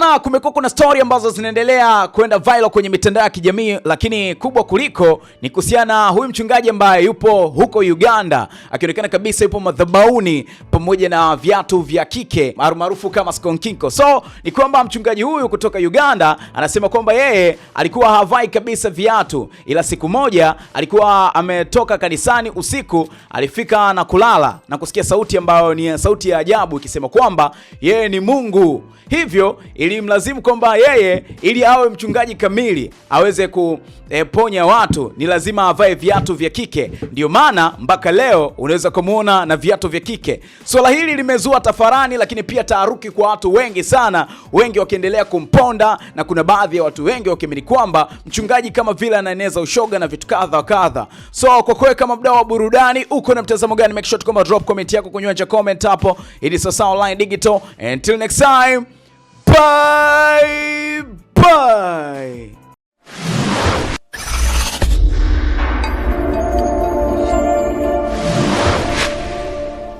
Bana, kumekuwa kuna story ambazo zinaendelea kwenda viral kwenye mitandao ya kijamii, lakini kubwa kuliko ni kuhusiana huyu mchungaji ambaye yupo huko Uganda, akionekana kabisa yupo madhabauni pamoja na viatu vya kike maarufu kama skonkinko. So ni kwamba mchungaji huyu kutoka Uganda anasema kwamba yeye alikuwa havai kabisa viatu, ila siku moja alikuwa ametoka kanisani usiku, alifika na kulala na kusikia sauti ambayo ni sauti ya ajabu ikisema kwamba yeye ni Mungu hivyo ilimlazimu kwamba yeye ili awe mchungaji kamili aweze kuponya eh, watu ni lazima avae viatu vya kike. Ndio maana mpaka leo unaweza kumuona na viatu vya kike. Swala hili limezua tafarani, lakini pia taharuki kwa watu wengi sana, wengi wakiendelea kumponda, na kuna baadhi ya watu wengi wakiamini kwamba mchungaji kama vile anaeneza ushoga na vitu kadha kadha. So kwa kweli, kama mdau wa burudani, uko na mtazamo gani? Make sure to drop comment yako kwenye comment hapo. ili sasa online digital. Until next time. Bye.